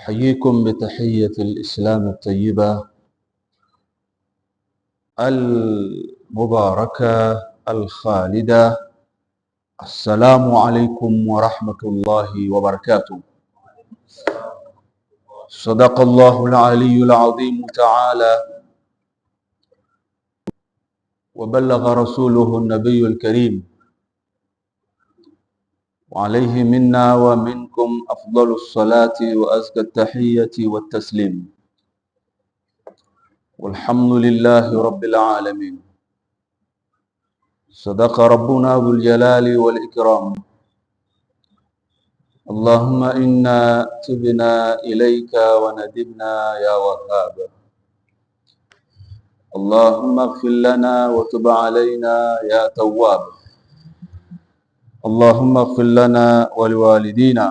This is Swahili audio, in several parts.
أحييكم بتحية الإسلام الطيبة المباركة الخالدة السلام عليكم ورحمة الله وبركاته صدق الله العلي العظيم تعالى وبلغ رسوله النبي الكريم وعليه منا ومنكم أفضل الصلاة وأزكى التحية والتسليم والحمد لله رب العالمين صدق ربنا ذو الجلال والإكرام اللهم إنا تبنا إليك وندبنا يا وهاب اللهم اغفر لنا وتب علينا يا تواب اللهم اغفر لنا ولوالدينا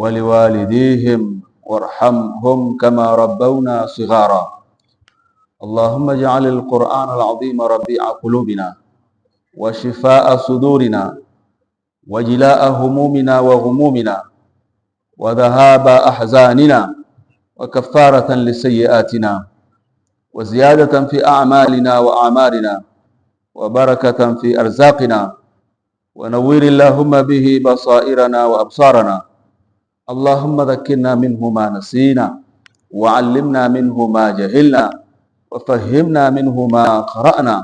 ولوالديهم وارحمهم كما ربونا صغارا اللهم اجعل القرآن العظيم ربيع قلوبنا وشفاء صدورنا وجلاء همومنا وغمومنا وذهاب أحزاننا وكفارة لسيئاتنا وزيادة في أعمالنا وأعمارنا وبركة في أرزاقنا ونور اللهم به بصائرنا وأبصارنا اللهم ذكرنا منه ما نسينا وعلمنا منه ما جهلنا وفهمنا منه ما قرأنا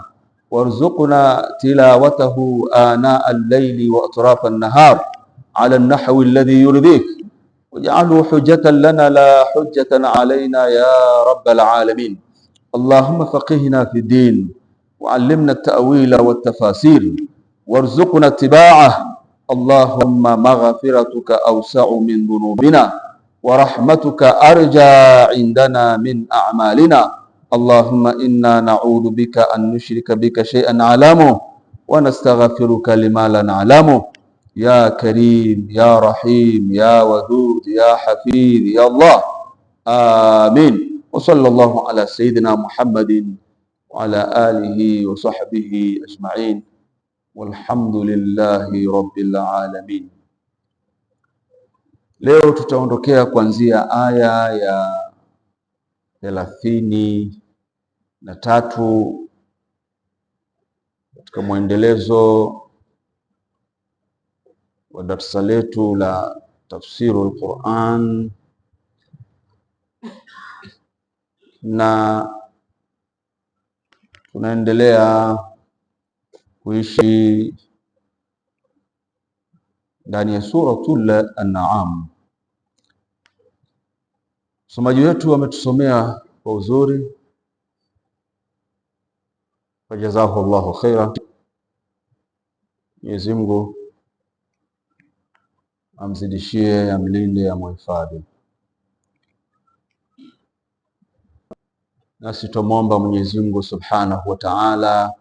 وارزقنا تلاوته آناء الليل وأطراف النهار على النحو الذي يرضيك واجعله حجة لنا لا حجة علينا يا رب العالمين اللهم فقهنا في الدين وعلمنا التأويل والتفاسير وارزقنا اتباعه اللهم مغفرتك أوسع من ذنوبنا ورحمتك أرجى عندنا من أعمالنا اللهم إنا نعوذ بك أن نشرك بك شيئا نعلمه ونستغفرك لما لا نعلمه يا كريم يا رحيم يا ودود يا حفيظ يا الله آمين وصلى الله على سيدنا محمد وعلى آله وصحبه أجمعين walhamdulillahi rabbil alamin. Leo tutaondokea kuanzia aya ya thelathini na tatu katika mwendelezo wa darsa letu la tafsiru Quran na tunaendelea kuishi ndani ya Suratul An'am. Msomaji wetu ametusomea kwa uzuri, fajazahu Allahu khaira. Mwenyezi Mungu amzidishie, amlinde, amhifadhi. Nasi twamwomba Mwenyezi Mungu subhanahu wa ta'ala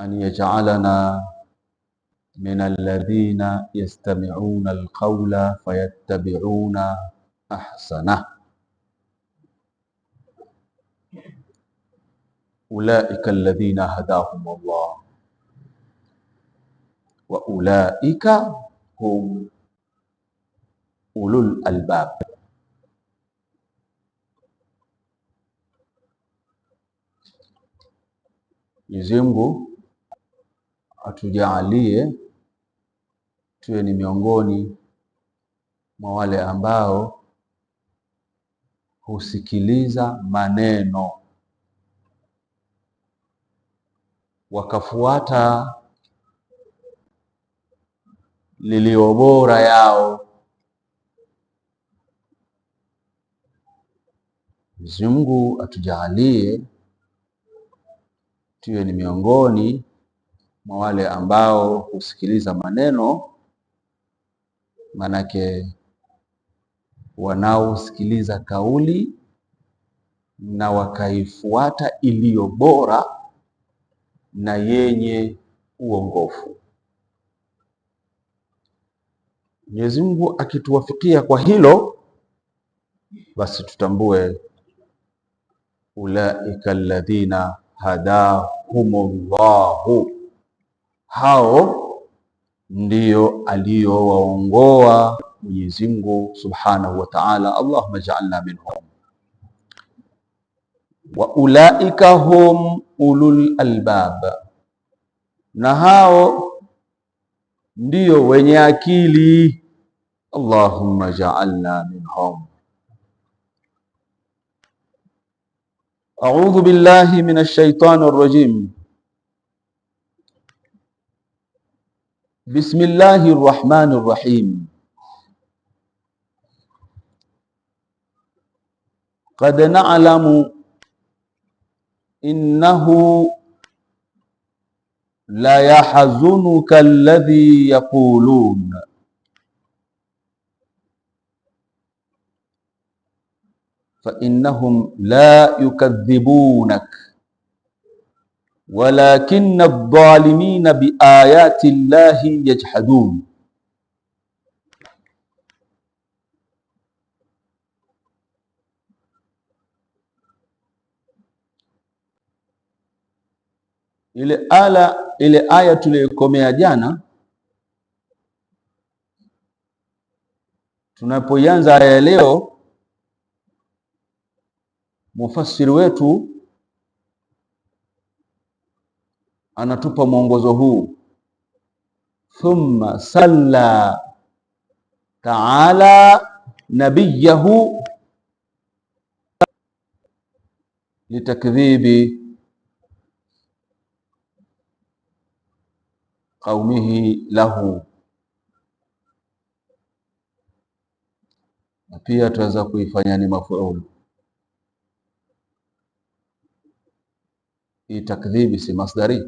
أن يجعلنا من الذين يستمعون القول فيتبعون أحسنه أولئك الذين هداهم الله وأولئك هم أولو الألباب Mwenyezi Mungu atujaalie tuwe ni miongoni mwa wale ambao husikiliza maneno wakafuata lililo bora yao. Mwenyezi Mungu atujaalie tuwe ni miongoni mwa wale ambao husikiliza maneno, manake wanaosikiliza kauli na wakaifuata iliyo bora na yenye uongofu. Mwenyezi Mungu akituwafikia kwa hilo, basi tutambue ulaika alladhina hadahumullahu hao ndiyo aliyowaongoa Mwenyezi Mungu Subhanahu wa Ta'ala, Allahumma ja'alna minhum. Wa ulaika hum ulul albab, na hao ndio wenye akili, Allahumma ja'alna minhum. A'udhu billahi minash shaitani rrajim بسم الله الرحمن الرحيم قد نعلم إنه لا يحزنك الذي يقولون فإنهم لا يكذبونك adh dhalimina biayati llahi yajhadun, ile ala ile aya tuliyoikomea jana, tunapoianza aya leo, mufassiri wetu anatupa mwongozo huu, thumma salla taala nabiyahu litakdhibi qaumihi lahu. Na pia tuweza kuifanya ni mafuulu, hii takdhibi si masdari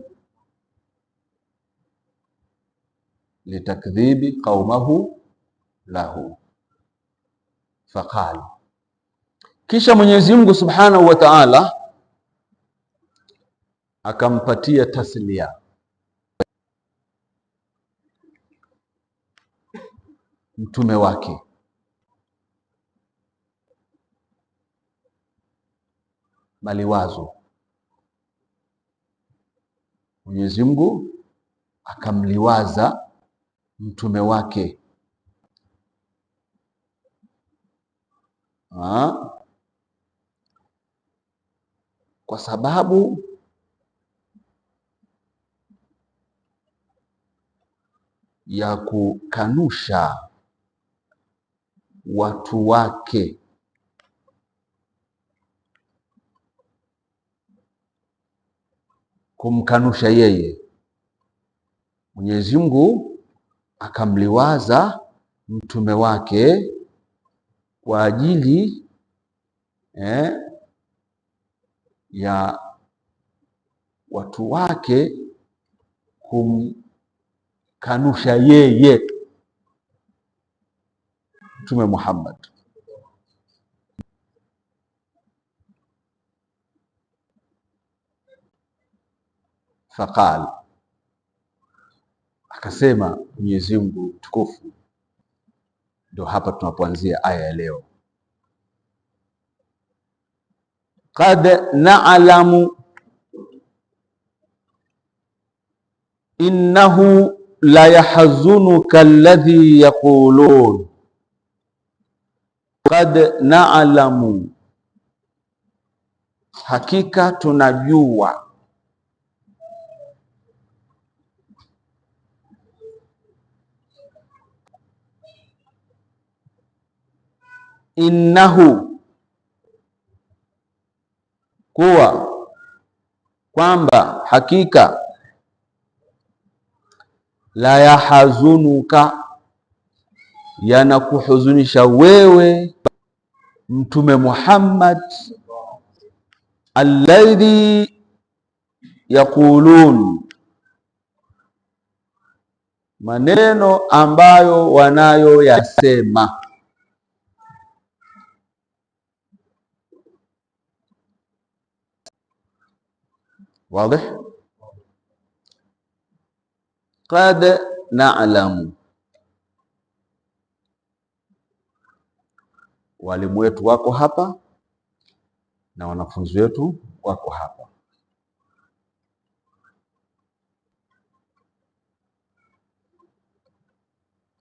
litakdhibi qaumahu lahu faqal Kisha Mwenyezi Mungu Subhanahu wa Ta'ala akampatia taslia mtume wake maliwazo. Mwenyezi Mungu akamliwaza mtume wake. Ha? Kwa sababu ya kukanusha watu wake kumkanusha yeye Mwenyezi Mungu akamliwaza mtume wake kwa ajili eh, ya watu wake kumkanusha yeye Mtume Muhammad. Faqal Akasema Mwenyezi Mungu tukufu, ndo hapa tunapoanzia aya ya leo. Qad na'lamu innahu la yahzunuka alladhi yaqulun, qad na'lamu, hakika tunajua innahu, kuwa kwamba hakika, la yahazunuka, yanakuhuzunisha wewe Mtume Muhammad alladhi yaqulun maneno ambayo wanayoyasema واضح Qad na'lamu, walimu wetu wako hapa na wanafunzi wetu wako hapa.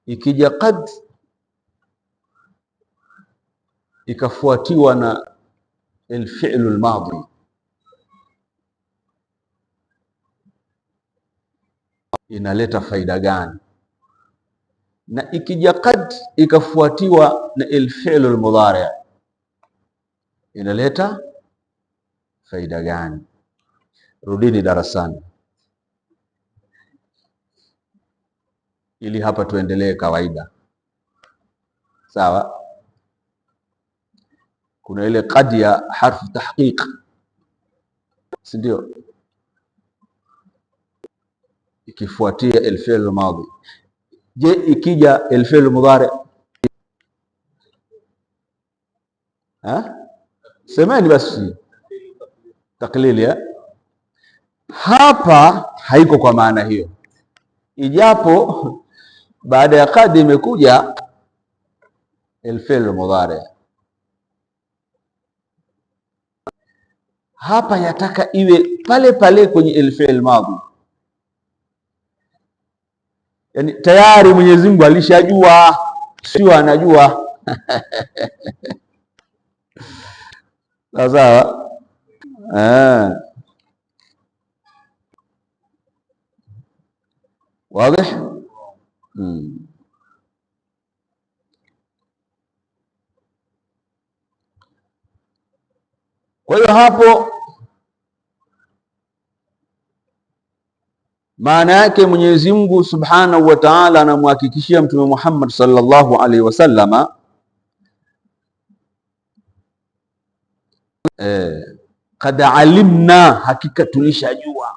Ikija qad ikafuatiwa na alfi'lu almadhi inaleta faida gani? Na ikija qad ikafuatiwa na alfi'lu almudhari' inaleta faida gani? Rudini darasani ili hapa tuendelee kawaida. Sawa, kuna ile qad ya harfu tahqiq, si ndio? ikifuatia alfi'l madhi. Je, ikija alfi'l mudhari ha? Semeni basi taklili ya hapa haiko kwa maana hiyo, ijapo baada ya kadi imekuja alfi'l mudhari hapa, yataka iwe pale pale kwenye alfi'l madhi Yaani tayari Mwenyezi Mungu alishajua, sio anajua. Sawa sawa. Eh. Wazi? Hmm. Kwa hiyo hapo Maana yake Mwenyezi Mungu Subhanahu wa Ta'ala anamhakikishia Mtume Muhammad sallallahu alaihi wasallama eh, kad alimna, hakika tulishajua.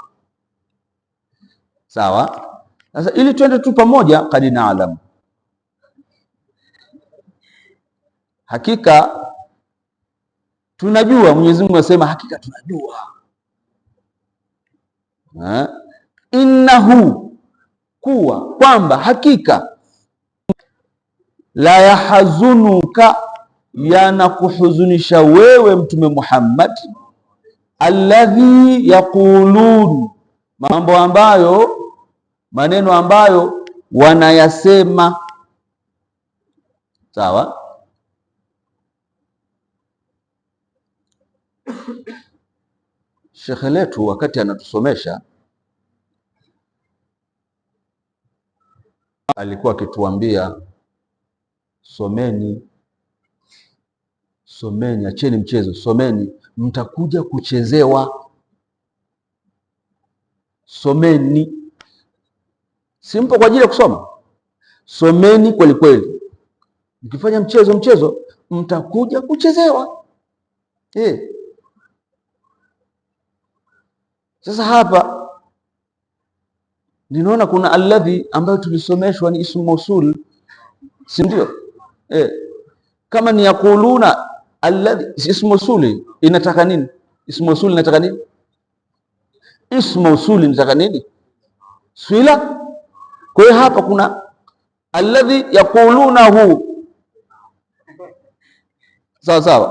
Sawa. Sasa ili twende tu pamoja, kad naalam, hakika tunajua. Mwenyezi Mungu anasema hakika tunajua eh? innahu, kuwa kwamba, hakika la yahzunuka, yanakuhuzunisha wewe Mtume Muhammad, alladhi yaqulun, mambo ambayo, maneno ambayo wanayasema. Sawa. Shekhe letu wakati anatusomesha alikuwa akituambia someni, someni, acheni mchezo, someni, mtakuja kuchezewa. Someni, simpo kwa ajili ya kusoma, someni kweli kweli. Mkifanya mchezo mchezo, mtakuja kuchezewa eh. Sasa hapa ninaona kuna alladhi ambayo tulisomeshwa ni ismu mausul, si ndio? Eh, kama ni yaquluna alladhi, ismu mausul inataka nini? Ismu mausul inataka nini? Ismu mausul inataka nini? Swila. Kwa hiyo hapa kuna alladhi hu, sawa sawa.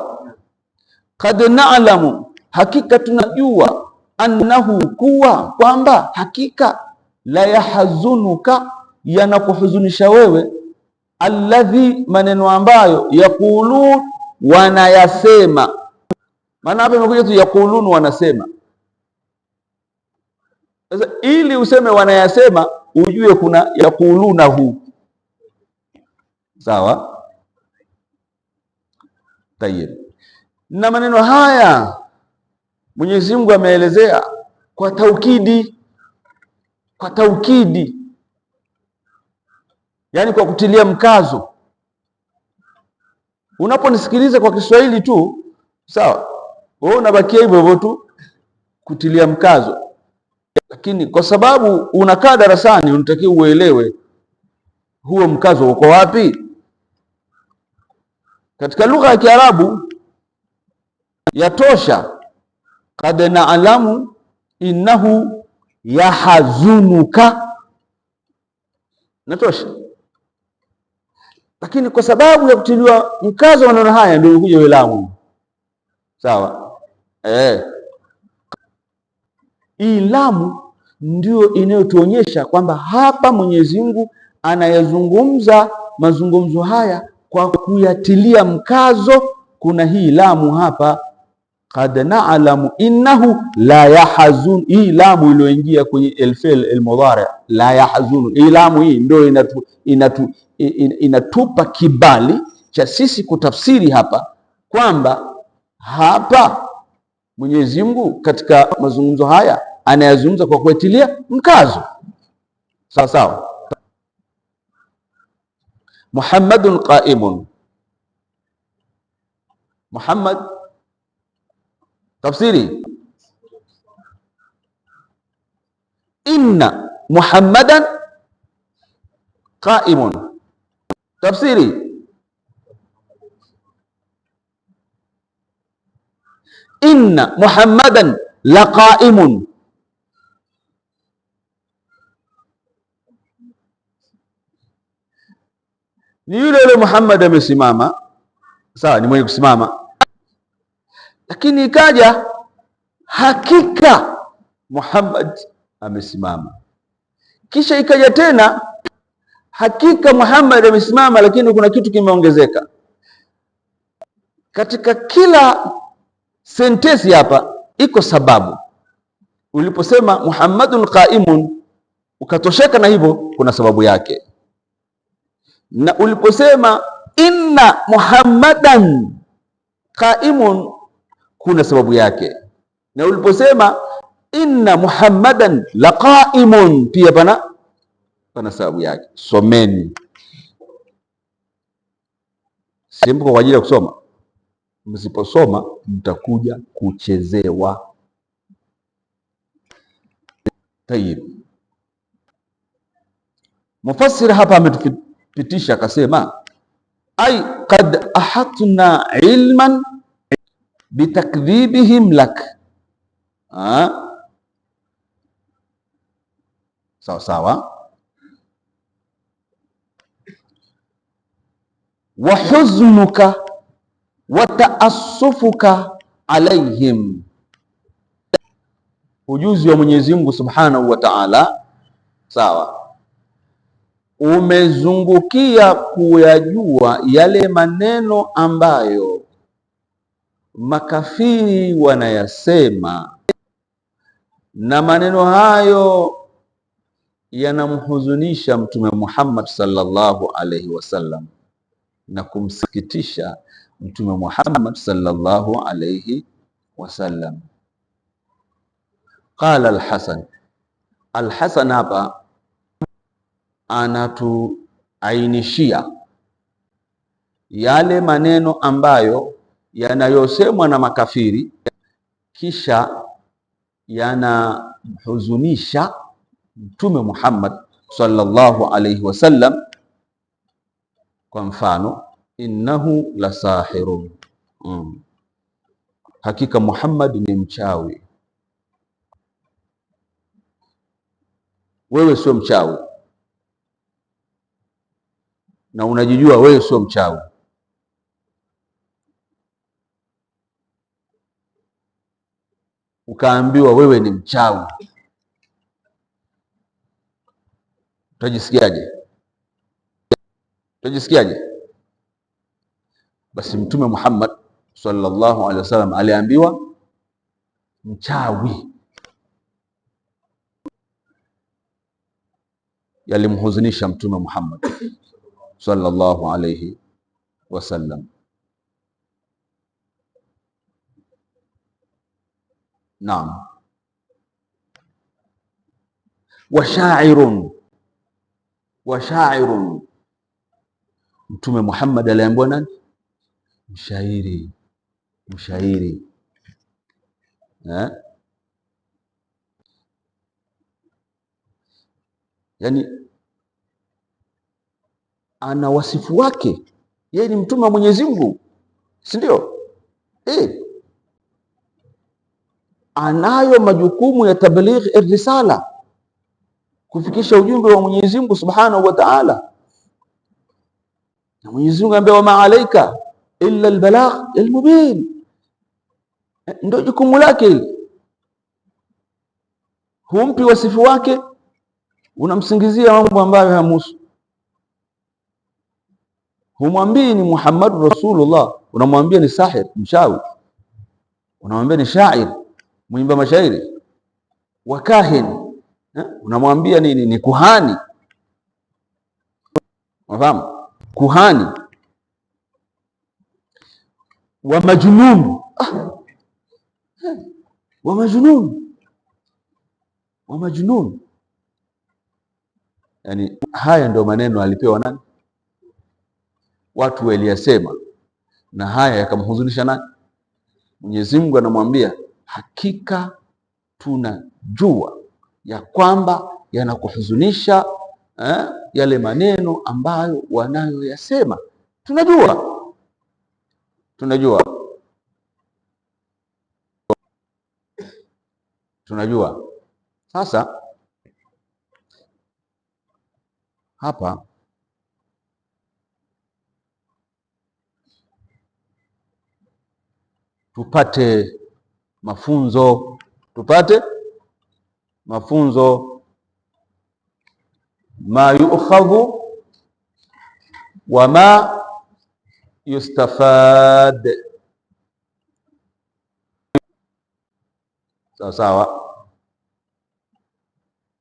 Kad na'lamu, hakika tunajua, annahu, kuwa, kwamba, hakika la yahzunuka, yanakuhuzunisha wewe, alladhi, maneno ambayo yaqulun, wanayasema. Maana hapa imekuja tu yaqulun, wanasema. Sasa ili useme wanayasema, ujue kuna hu Sawa, tayeb. Na maneno haya Mwenyezi Mungu ameelezea kwa taukidi kwa taukidi, yaani kwa kutilia mkazo. Unaponisikiliza kwa Kiswahili tu sawa, wewe unabakia hivyo hivyo tu kutilia mkazo, lakini kwa sababu unakaa darasani, unatakiwa uelewe huo mkazo uko wapi. Katika lugha ya Kiarabu yatosha, kad naalamu innahu yahazunuka, natosha. Lakini kwa sababu ya kutiliwa mkazo wa maneno haya ndio kuja welamu, sawa eh. Hii lamu ndio inayotuonyesha kwamba hapa Mwenyezi Mungu anayezungumza mazungumzo haya kwa kuyatilia mkazo. Kuna hii lamu hapa Qad na'lamu innahu la yahzun. Hii lamu iliyoingia kwenye alfi'l almudhari la yahzun, hii lamu hii ndio inatu, inatu, inatupa kibali cha sisi kutafsiri hapa kwamba hapa Mwenyezi Mungu katika mazungumzo haya anayazungumza kwa kuatilia mkazo, sawa sawa. Muhammadun qaimun, Muhammad تفسيري إن محمدا قائم تفسيري إن محمدا لقائم نيولي محمد مسماما ساعة نيولي مسماما Lakini ikaja hakika Muhammad amesimama, kisha ikaja tena hakika Muhammad amesimama, lakini kuna kitu kimeongezeka katika kila sentensi. Hapa iko sababu. Uliposema Muhammadun qaimun ukatosheka na hivyo, kuna sababu yake. Na uliposema inna Muhammadan qaimun kuna sababu yake. Na uliposema inna muhammadan laqaimun, pia pana pana sababu yake. Someni, simpo kwa ajili ya kusoma. Msiposoma mtakuja kuchezewa. Tayib, mufassir hapa ametupitisha akasema, ai kad ahatna ilman bitakdhibihim lak. Sawa sawa. wa huznuka wa taassufuka alaihim, ujuzi wa Mwenyezi Mungu Subhanahu wa Ta'ala, sawa, umezungukia kuyajua yale maneno ambayo makafiri wanayasema, na maneno hayo yanamhuzunisha Mtume Muhammad sallallahu alaihi wasallam na kumsikitisha Mtume Muhammad sallallahu alaihi wasallam. Qala Alhasan, Alhasan hapa anatuainishia yale maneno ambayo yanayosemwa na makafiri kisha yanamhuzunisha Mtume Muhammad sallallahu alaihi wasallam. Kwa mfano, innahu lasahirun mm, hakika Muhammad ni mchawi. Wewe sio mchawi na unajijua wewe sio mchawi ukaambiwa wewe ni mchawi, utajisikiaje? Utajisikiaje? Basi Mtume Muhammad sallallahu alaihi wasallam aliambiwa mchawi. Yalimhuzunisha Mtume Muhammad sallallahu alaihi wasallam. Naam, washairun washairun, Mtume Muhammad aliambiwa nani? Mshairi, mshairi eh? Yani ana wasifu wake, yeye ni mtume wa Mwenyezi Mungu, si ndio? Eh anayo majukumu ya tablighi risala, kufikisha ujumbe wa Mwenyezi Mungu Subhanahu wa Ta'ala. Na Mwenyezi Mungu ambaye wama alaika illa albalagh almubin, ndio jukumu lake hili. Humpi wasifu wake, unamsingizia mambo ambayo hayamuhusu. Humwambii ni Muhammadu Rasulullah, unamwambia ni sahir, mchawi, unamwambia ni shair mwimba mashairi wa kahin, eh, unamwambia nini? Ni kuhani, unafahamu kuhani wa majnun ah. wa majnun wa majnun. Yani haya ndio maneno alipewa nani? Watu waliyasema, na haya yakamhuzunisha nani? Mwenyezi Mungu anamwambia hakika tunajua ya kwamba yanakuhuzunisha eh, yale maneno ambayo wanayoyasema. Tunajua, tunajua, tunajua. Sasa hapa tupate mafunzo, tupate mafunzo. Ma yukhadhu wa ma yustafad, sawa sawa.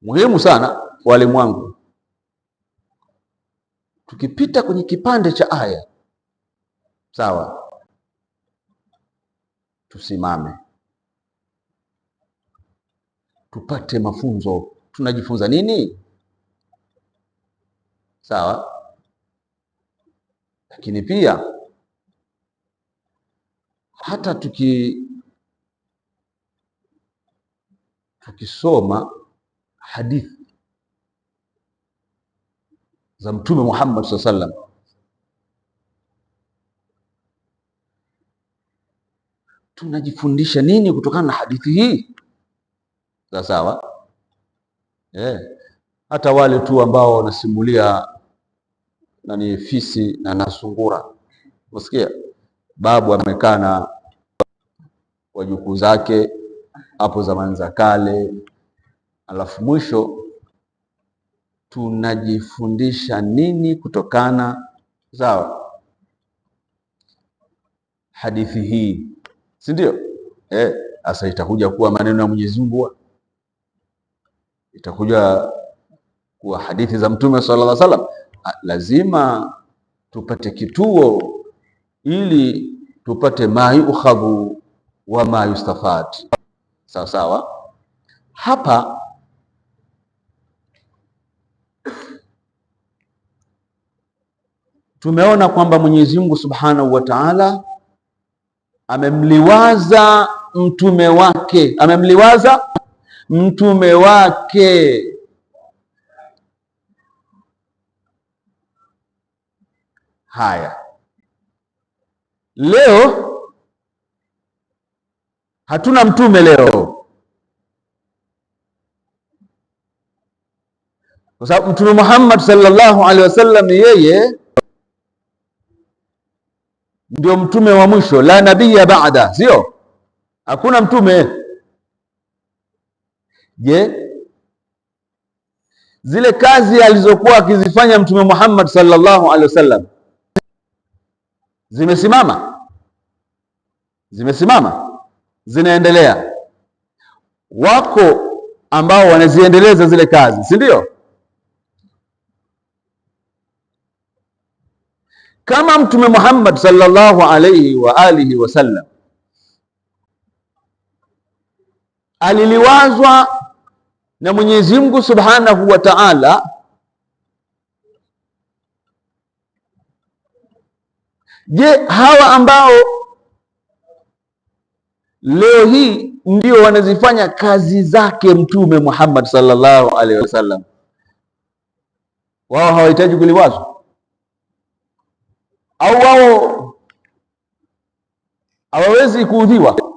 Muhimu sana walimu wangu, tukipita kwenye kipande cha aya sawa, tusimame tupate mafunzo. Tunajifunza nini? Sawa. Lakini pia hata tuki tukisoma hadithi za Mtume Muhammad sallallahu alaihi tunajifundisha nini kutokana na hadithi hii? sawa eh. Hata wale tu ambao wanasimulia nani fisi na nasungura, unasikia babu amekaa na wajukuu zake hapo zamani za kale, alafu mwisho tunajifundisha nini kutokana sawa hadithi hii, si ndio? Eh, asa itakuja kuwa maneno ya Mwenyezi Mungu itakuja kuwa hadithi za Mtume sallallahu alaihi wasallam, lazima tupate kituo ili tupate ma yukhadhu wa ma yustafad. Sawa sawa, hapa tumeona kwamba Mwenyezi Mungu Subhanahu wa Ta'ala amemliwaza mtume wake, amemliwaza mtume wake. Haya, leo hatuna mtume leo, kwa sababu Mtume Muhammad sallallahu alaihi wasallam yeye ndio mtume wa mwisho, la nabiya baada, sio? Hakuna mtume Je, zile kazi alizokuwa akizifanya Mtume Muhammad sallallahu alaihi wasallam zimesimama? Zimesimama, zinaendelea. Wako ambao wanaziendeleza zile kazi, si ndio? Kama Mtume Muhammad sallallahu alaihi wa alihi wasallam aliliwazwa na Mwenyezi Mungu Subhanahu wa Ta'ala Je, hawa ambao leo hii ndio wanazifanya kazi zake Mtume Muhammad sallallahu alaihi wasallam, wao hawahitaji kuliwazwa? Au wao hawawezi kuudhiwa?